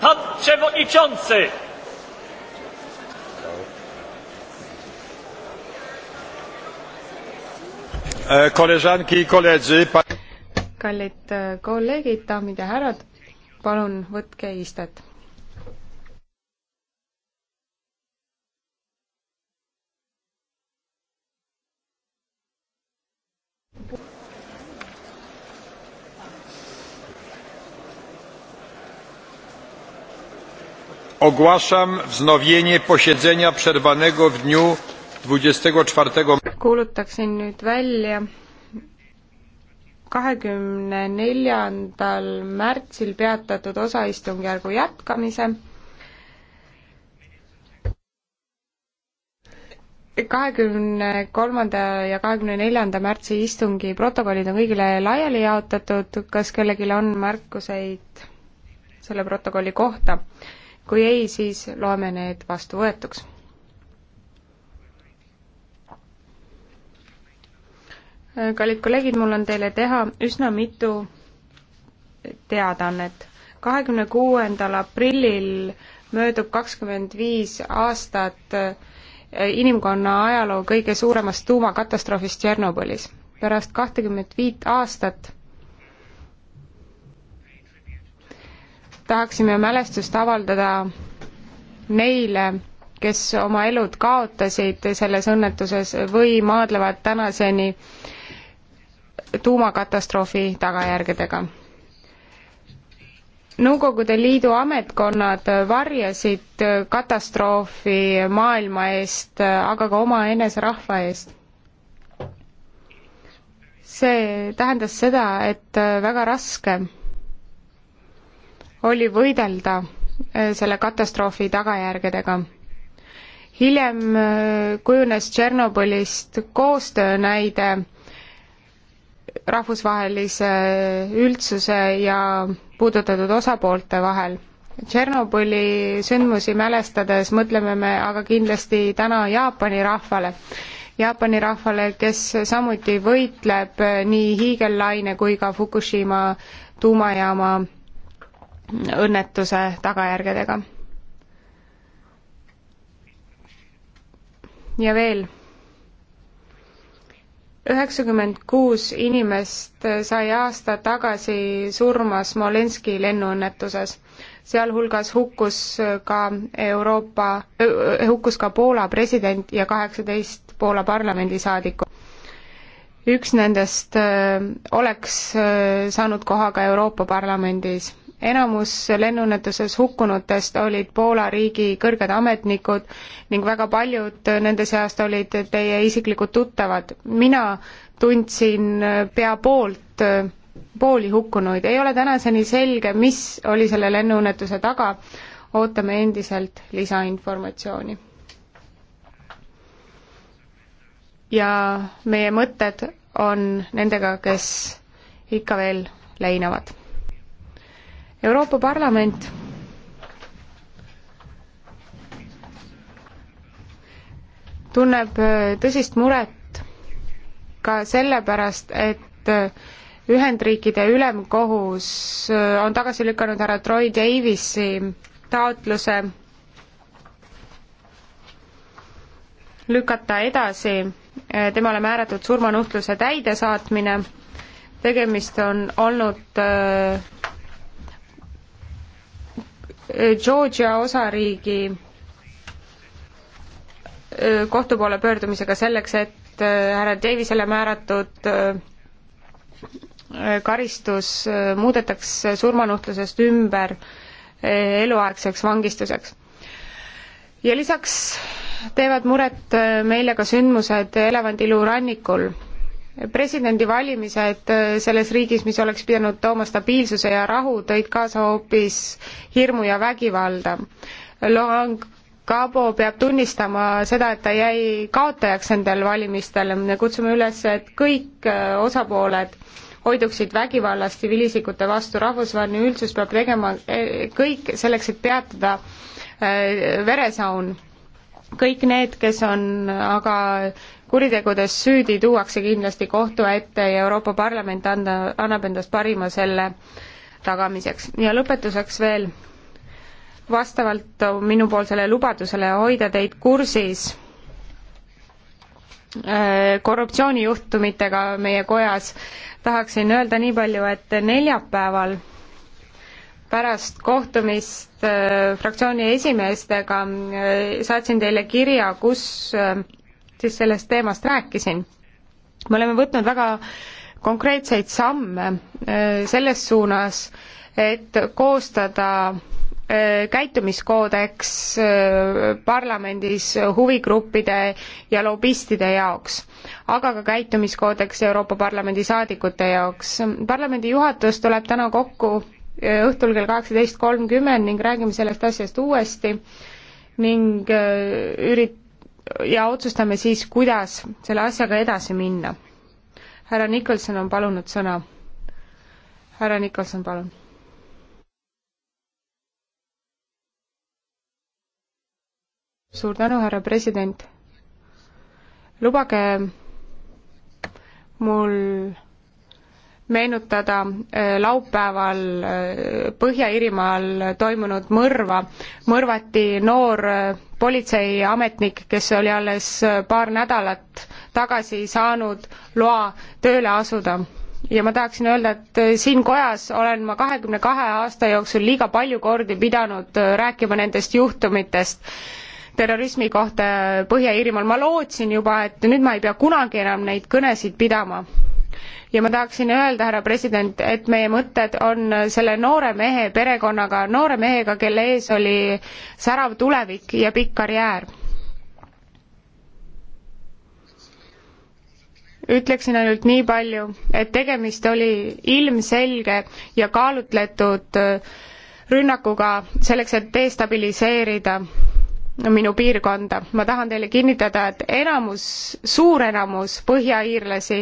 Pan Przewodniczący! E, koleżanki i koledzy. Kallid e, kolleegid, daamid ja härrad, palun võtke istet. Ogłaszam wznowienie posiedzenia przerwanego w dniu 24 kuulutaksin nüüd välja kahekümne neljandal märtsil peatatud osaistungjärgu jätkamise. kahekümne kolmanda ja kahekümne neljanda märtsi istungi protokollid on kõigile laiali jaotatud, kas kellelgi on märkuseid selle protokolli kohta? kui ei, siis loeme need vastuvõetuks. kallid kolleegid, mul on teile teha üsna mitu teadaannet. kahekümne kuuendal aprillil möödub kakskümmend viis aastat eh, inimkonna ajaloo kõige suuremast tuumakatastroofist Tšernobõlis. pärast kahtekümmet viit aastat tahaksime mälestust avaldada neile, kes oma elud kaotasid selles õnnetuses või maadlevad tänaseni tuumakatastroofi tagajärgedega. Nõukogude Liidu ametkonnad varjasid katastroofi maailma eest, aga ka omaenese rahva eest. see tähendas seda, et väga raske oli võidelda äh, selle katastroofi tagajärgedega. hiljem äh, kujunes Tšernobõlist koostöö näide rahvusvahelise üldsuse ja puudutatud osapoolte vahel. Tšernobõli sündmusi mälestades mõtleme me aga kindlasti täna Jaapani rahvale. Jaapani rahvale, kes samuti võitleb äh, nii hiigellaine kui ka Fukushima tuumajaama õnnetuse tagajärgedega. ja veel, üheksakümmend kuus inimest sai aasta tagasi surma Smolenski lennuõnnetuses. sealhulgas hukkus ka Euroopa, äh, hukkus ka Poola president ja kaheksateist Poola parlamendisaadikut üks nendest äh, oleks äh, saanud koha ka Euroopa Parlamendis enamus lennuõnnetuses hukkunutest olid Poola riigi kõrged ametnikud ning väga paljud nende seast olid teie isiklikud tuttavad. mina tundsin pea poolt, pooli hukkunuid. ei ole tänaseni selge, mis oli selle lennuõnnetuse taga, ootame endiselt lisainformatsiooni. ja meie mõtted on nendega, kes ikka veel leinavad Euroopa Parlament tunneb äh, tõsist muret ka sellepärast, et äh, Ühendriikide ülemkohus äh, on tagasi lükanud härra Troy Davisi taotluse lükata edasi temale määratud surmanuhtluse täidesaatmine. tegemist on olnud äh, Georgia osariigi kohtu poole pöördumisega selleks, et härra Davisele määratud karistus muudetaks surmanuhtlusest ümber eluaegseks vangistuseks. ja lisaks teevad muret meile ka sündmused Elevandiluu rannikul presidendivalimised äh, selles riigis, mis oleks pidanud tooma stabiilsuse ja rahu, tõid kaasa hoopis hirmu ja vägivalda. Laurent Gabo peab tunnistama seda, et ta jäi kaotajaks nendel valimistel, me kutsume üles, et kõik äh, osapooled hoiduksid vägivallast tsiviilisikute vastu, rahvusvaheline üldsus peab tegema äh, kõik selleks, et peatada veresaun kõik need, kes on aga kuritegudes süüdi tuuakse kindlasti kohtu ette ja Euroopa Parlament anda, annab endast parima selle tagamiseks. ja lõpetuseks veel, vastavalt minupoolsele lubadusele hoida teid kursis äh, korruptsioonijuhtumitega meie kojas, tahaksin öelda nii palju, et neljapäeval pärast kohtumist äh, fraktsiooni esimeestega äh, saatsin teile kirja, kus siis sellest teemast rääkisin. me oleme võtnud väga konkreetseid samme äh, selles suunas, et koostada äh, käitumiskoodeks äh, parlamendis huvigruppide ja lobistide jaoks, aga ka käitumiskoodeks Euroopa Parlamendi saadikute jaoks. parlamendi juhatus tuleb täna kokku õhtul kell kaheksateist kolmkümmend ning räägime sellest asjast uuesti ning ürit-, ja otsustame siis, kuidas selle asjaga edasi minna. härra Nikolson on palunud sõna. härra Nikolson, palun. suur tänu, härra president. lubage mul meenutada äh, laupäeval äh, Põhja-Iirimaal toimunud mõrva. mõrvati noor äh, politseiametnik, kes oli alles paar nädalat tagasi saanud loa tööle asuda ja ma tahaksin öelda, et siin kojas olen ma kahekümne kahe aasta jooksul liiga palju kordi pidanud rääkima nendest juhtumitest terrorismi kohta Põhja-Iirimaal. ma lootsin juba, et nüüd ma ei pea kunagi enam neid kõnesid pidama ja ma tahaksin öelda, härra president, et meie mõtted on selle noore mehe perekonnaga, noore mehega, kelle ees oli särav tulevik ja pikk karjäär. ütleksin ainult nii palju, et tegemist oli ilmselge ja kaalutletud rünnakuga selleks, et destabiliseerida minu piirkonda. ma tahan teile kinnitada, et enamus, suur enamus põhjaiirlasi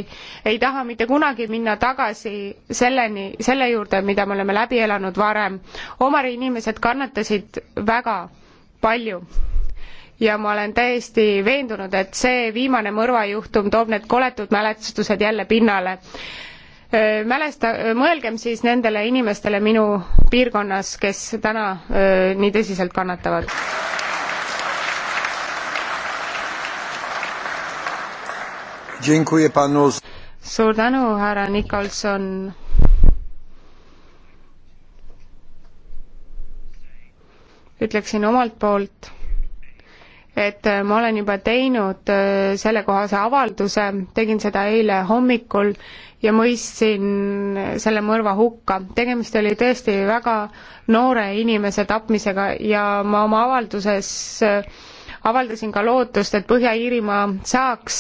ei taha mitte kunagi minna tagasi selleni, selle juurde, mida me oleme läbi elanud varem. Omari inimesed kannatasid väga palju ja ma olen täiesti veendunud, et see viimane mõrvajuhtum toob need koletud mälestused jälle pinnale. Mälesta-, mõelgem siis nendele inimestele minu piirkonnas, kes täna öö, nii tõsiselt kannatavad. suur tänu, härra Nicholson. ütleksin omalt poolt, et ma olen juba teinud äh, sellekohase avalduse, tegin seda eile hommikul ja mõistsin selle mõrva hukka. tegemist oli tõesti väga noore inimese tapmisega ja ma oma avalduses äh, avaldasin ka lootust, et Põhja-Iirimaa saaks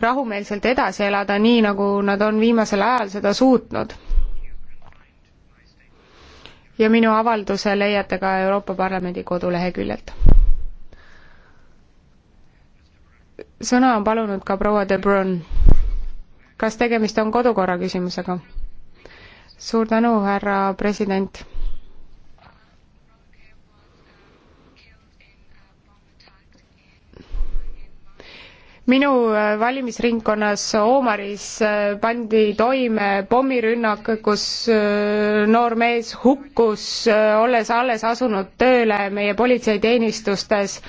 rahumeelselt edasi elada, nii nagu nad on viimasel ajal seda suutnud. ja minu avalduse leiate ka Euroopa Parlamendi koduleheküljelt. sõna on palunud ka proua De Brun. kas tegemist on kodukorra küsimusega? suur tänu, härra president minu äh, valimisringkonnas Oomaris äh, pandi toime pommirünnak, kus äh, noor mees hukkus, olles alles asunud tööle meie politseiteenistustes.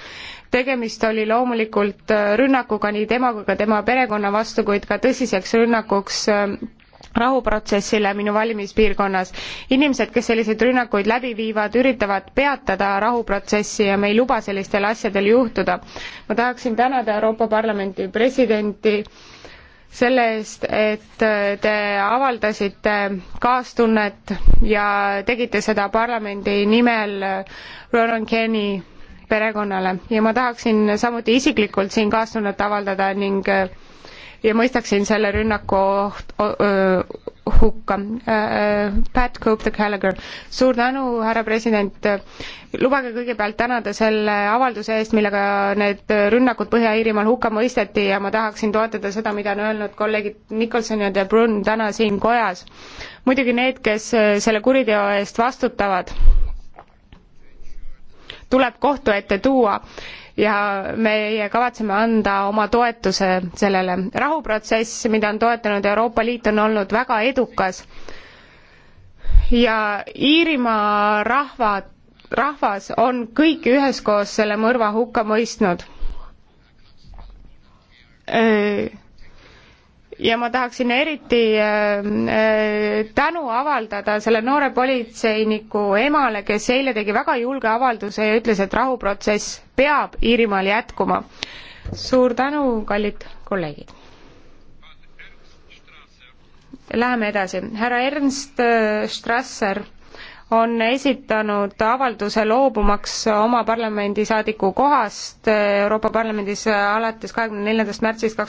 tegemist oli loomulikult rünnakuga nii tema kui ka tema perekonna vastu, kuid ka tõsiseks rünnakuks rahuprotsessile minu valimispiirkonnas. inimesed, kes selliseid rünnakuid läbi viivad, üritavad peatada rahuprotsessi ja me ei luba sellistel asjadel juhtuda. ma tahaksin tänada Euroopa Parlamendi presidenti selle eest, et te avaldasite kaastunnet ja tegite seda parlamendi nimel Ronan Kenny perekonnale ja ma tahaksin samuti isiklikult siin kaastunnet avaldada ning ja mõistaksin selle rünnaku oht, hukka. Äh, äh, Pat Coop the Gallagher, suur tänu, härra president. lubage kõigepealt tänada selle avalduse eest, millega need rünnakud Põhja-Iirimaal hukka mõisteti ja ma tahaksin toetada seda, mida on öelnud kolleegid Nicholson ja De Brun täna siin kojas. muidugi need, kes selle kuriteo eest vastutavad tuleb kohtu ette tuua ja meie kavatseme anda oma toetuse sellele. rahuprotsess, mida on toetanud Euroopa Liit, on olnud väga edukas ja Iirimaa rahvad, rahvas on kõik üheskoos selle mõrva hukka mõistnud ja ma tahaksin eriti äh, äh, tänu avaldada selle noore politseiniku emale, kes eile tegi väga julge avalduse ja ütles, et rahuprotsess peab Iirimaal jätkuma. suur tänu, kallid kolleegid. Läheme edasi, härra Ernst äh, Strasser on esitanud avalduse loobumaks oma parlamendisaadiku kohast Euroopa Parlamendis alates kahekümne neljandast märtsist kaks